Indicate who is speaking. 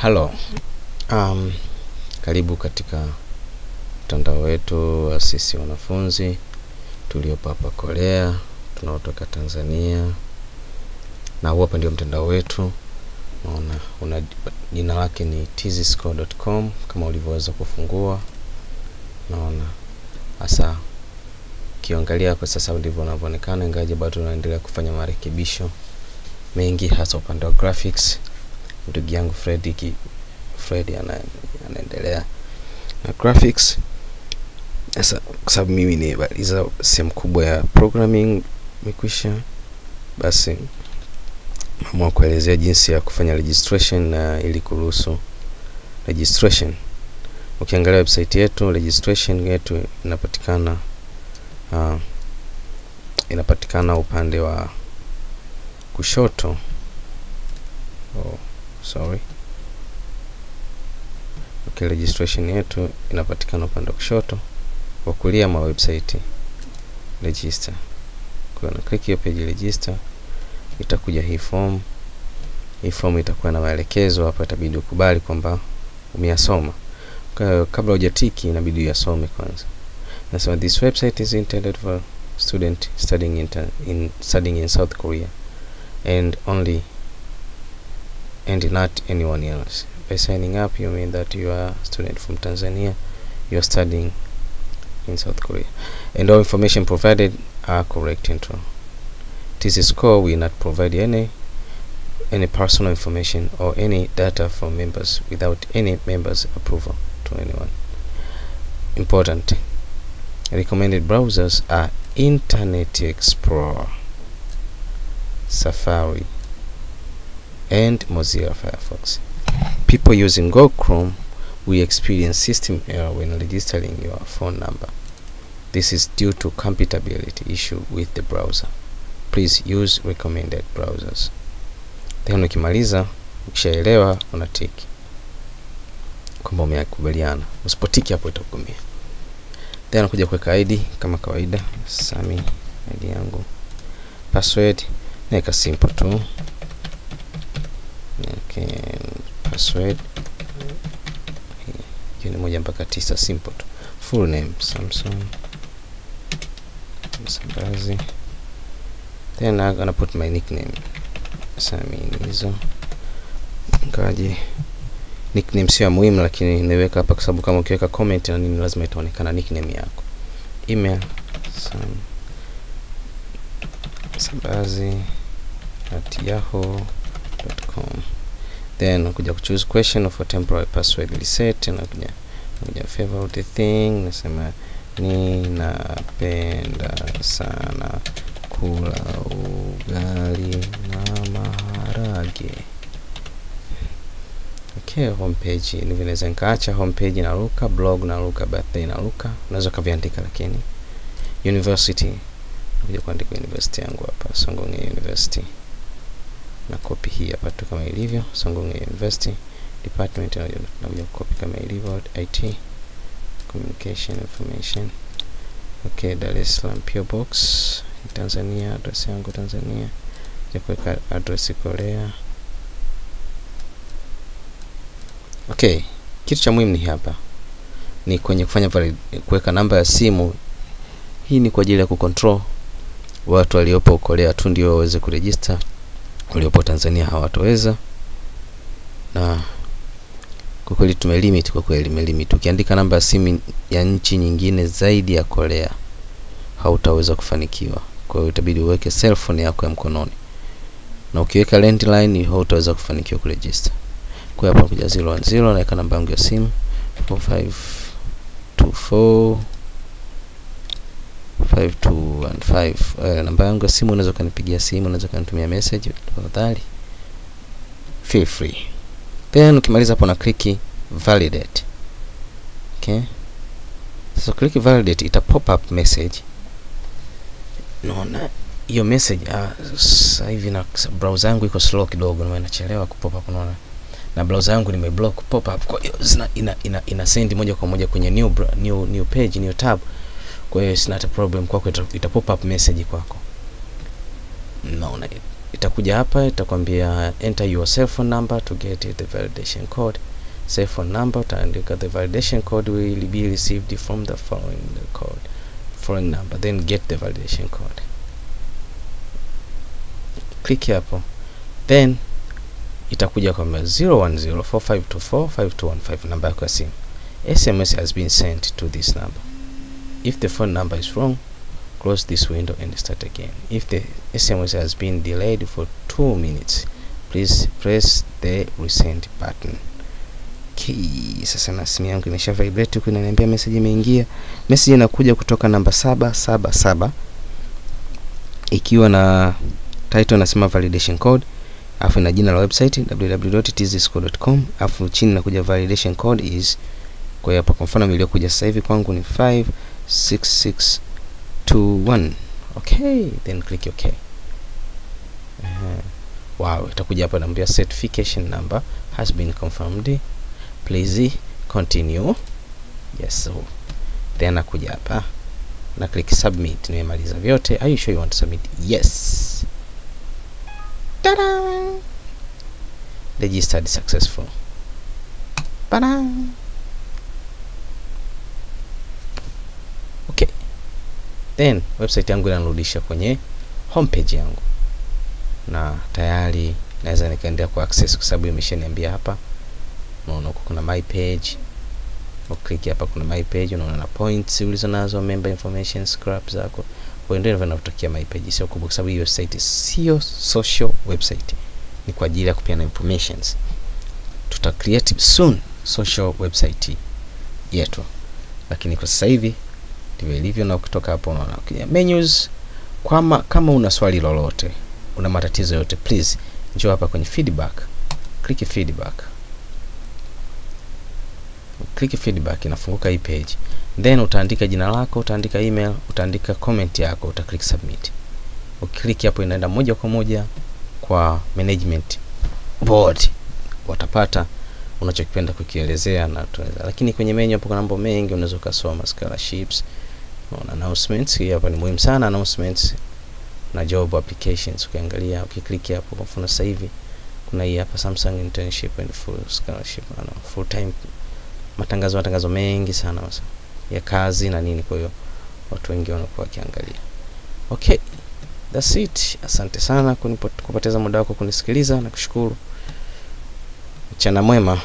Speaker 1: Halo. Um, karibu katika mtandao wetu wa sisi wanafunzi tuliopo hapa Korea, tunaotoka Tanzania. Na huu hapa ndio mtandao wetu. Naona una jina lake ni tzscore.com kama ulivyoweza kufungua. Naona hasa ukiangalia kwa sasa ndivyo unavyoonekana, ingawaje bado tunaendelea kufanya marekebisho mengi hasa upande wa graphics ndugu yangu Fred Fred anaendelea na graphics sasa kwa sababu mimi nimemaliza sehemu kubwa ya programming mikwisha basi mama kuelezea jinsi ya kufanya registration na ili kuruhusu registration ukiangalia website yetu registration yetu inapatikana uh, inapatikana upande wa kushoto sorry. Okay, registration yetu inapatikana upande wa kushoto, wa kulia mwa website register. Kwa na click hiyo page register, itakuja hii form. Hii form itakuwa na maelekezo hapa, itabidi ukubali kwamba umeyasoma. Kwa kabla hujatiki, inabidi uyasome kwanza. Nasema this website is intended for student studying in, in studying in South Korea and only and not anyone else. By signing up, you mean that you are a student from Tanzania, you are studying in South Korea, and all information provided are correct and true. TC score will not provide any any personal information or any data from members without any members approval to anyone. Important. Recommended browsers are Internet Explorer, Safari, and Mozilla Firefox. People using Google Chrome will experience system error when registering your phone number. This is due to compatibility issue with the browser. Please use recommended browsers. Then ukimaliza, ukishaelewa una tick Kumbe umekubaliana. Usipotiki hapo itakugumia. Then nakuja kuweka ID kama kawaida, Sami ID yangu, password naika simple tu and eh, password eh, hiyo ni moja mpaka tisa simple tu full name samson msambazi then i'm gonna put my nickname saminizo ingawaje nickname sio muhimu lakini niweka hapa kwa sababu kama ukiweka comment na nini lazima itaonekana nickname yako email sam sambazi at yahoo.com then kuja kuchoose question of a temporary password reset, na kuja kuja favorite thing, nasema ninapenda sana kula ugali na maharage. Okay, homepage hivi naweza nikaacha homepage na luka blog na luka birthday na luka, unaweza kaviandika lakini university, kuja kuandika university yangu hapa Songonye University na copy hii hapa tu kama ilivyo Songong University department, na kuja copy kama ilivyo IT communication information. Okay, Dar es Salaam PO Box Tanzania, address yangu Tanzania, ya kuweka address Korea. Okay, kitu cha muhimu ni hapa ni kwenye kufanya kuweka namba ya simu. Hii ni kwa ajili ya kucontrol watu waliopo Korea tu ndio waweze kuregister waliopo Tanzania hawatoweza na kwa kweli tumelimit, kwa kweli tumelimit. Ukiandika namba ya simu ya nchi nyingine zaidi ya Korea hautaweza kufanikiwa, kwa hiyo itabidi uweke cell phone yako ya mkononi, na ukiweka landline hautaweza kufanikiwa kuregister. Kwa hiyo hapa kuja 010 naweka namba yangu ya simu 4524 5215 uh, eh, namba yangu ya simu, unaweza kanipigia simu, unaweza kanitumia message tafadhali, feel free. Then ukimaliza hapo na click validate. Okay, sasa so, click validate, ita pop up message. Naona hiyo message uh, sasa hivi na browser yangu iko slow kidogo, na inachelewa ku pop up, unaona na browser yangu nimeblock pop up, kwa hiyo ina, ina, ina send moja kwa moja kwenye new, new, new page new tab kwa hiyo sina hata problem kwako ita, ita pop up message kwako naona itakuja hapa itakwambia enter your cell phone number to get the validation code cell phone number utaandika the validation code will be received from the following code following number then get the validation code click hapo then itakuja kwamba 0104524521 namba yako ya simu sms has been sent to this number if the phone number is wrong close this window and start again if the sms has been delayed for two minutes please press the resend button Okay, sasa na simu yangu imesha vibrate huku inaniambia message imeingia. Message inakuja kutoka namba saba saba saba ikiwa na title nasema validation code afu na jina la website www.tzsco.com afu chini nakuja validation code is kwa hiyo hapa kwa mfano iliyokuja sasa hivi kwangu ni 5 6621 okay then click okay uh, wow itakuja hapa naambia certification number has been confirmed please continue yes so then nakuja hapa na click submit nimemaliza vyote are you sure you want to submit yes Tada! registered successful Ba-da! then website yangu inanirudisha kwenye homepage yangu na tayari naweza nikaendelea ku access kwa sababu imeshaniambia hapa unaona huko kuna my page uklik hapa kuna my page unaona na points ulizo nazo member information scrap zako uendelee na vinavyotokea my page sio kubwa kwa sababu hiyo site sio social website ni kwa ajili ya kupeana informations tuta create soon social website yetu lakini kwa sasa hivi ndivyo ilivyo, na ukitoka hapo unaona menus. Kama, kama una swali lolote, una matatizo yote, please njoo hapa kwenye feedback, click feedback, click feedback, inafunguka hii page, then utaandika jina lako, utaandika email, utaandika comment yako, uta click submit. Ukiklik hapo inaenda moja kwa moja kwa management board, watapata unachokipenda kukielezea na tunaweza, lakini kwenye menu hapo kuna mambo mengi unaweza ukasoma scholarships Unaona announcements, hii hapa ni muhimu sana announcements na job applications. Ukiangalia ukiklik hapo, kwa mfano sasa hivi kuna hii hapa Samsung internship and full scholarship ano, full time matangazo matangazo mengi sana masa, ya kazi na nini, kwa hiyo watu wengi wanakuwa wakiangalia. Okay, that's it. Asante sana kunipoteza muda wako kunisikiliza na kushukuru. Mchana mwema.